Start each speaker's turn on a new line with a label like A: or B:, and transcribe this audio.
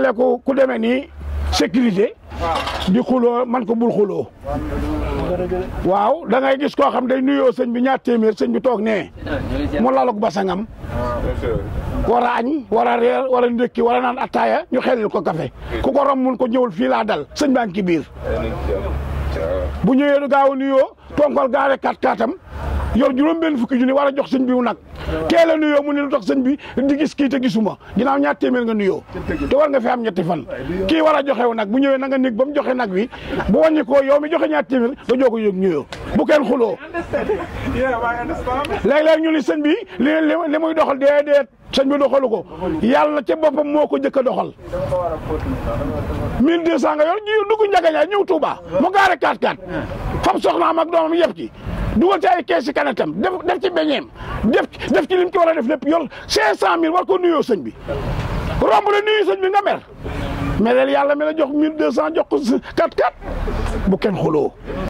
A: dalee ko ku demee nii sécurité di xuloo man ko bul xuloo waaw da ngay gis koo xam day nuyoo sëñ bi ñaar téeméer sëñ bi toog nee mu laluk basangam war a añ war a reer war a ndékki war a naan attaaya ñu xelil ko café ku ko rom mun ko ñëwul fii laa dal sëñ baa ngi ci biir bu ñëwee du gaaw a nuyoo tonkol gaare kat katam yow juróom-benn fukki junni war a jox sëñ bi mu nag tee la nuyoo mu ne lu tax sëñ bi di gis kii te gisuma ginnaaw ñaar téeméer nga nuyoo te war nga fi am ñetti fan kii war a joxewu nag bu ñëwee na nga nekk ba mu joxe nag wi bu wàññi yow mi joxe ñaar téeméer da joo ko yëg nuyoo bu kenn xuloo léeg-léeg ñu ni sëñ bi li li muy doxal déedéet sëñ bi doxalu ko yàlla ca boppam moo ko jëkk a doxal 1200 nga yor dugg njagañaay ñëw Touba mu gaare 4 4 fab soxnaam ak doomam yëpp ci dugal ci ay kees ci kanetam def def ci beñeem def def ci lim ci war a def lépp yor 500000 war ko nuyoo sëñ bi romb la nuyu sëñ bi nga mer meleel yàlla mi la jox 1200 jox ko 44 bu kenn xuloo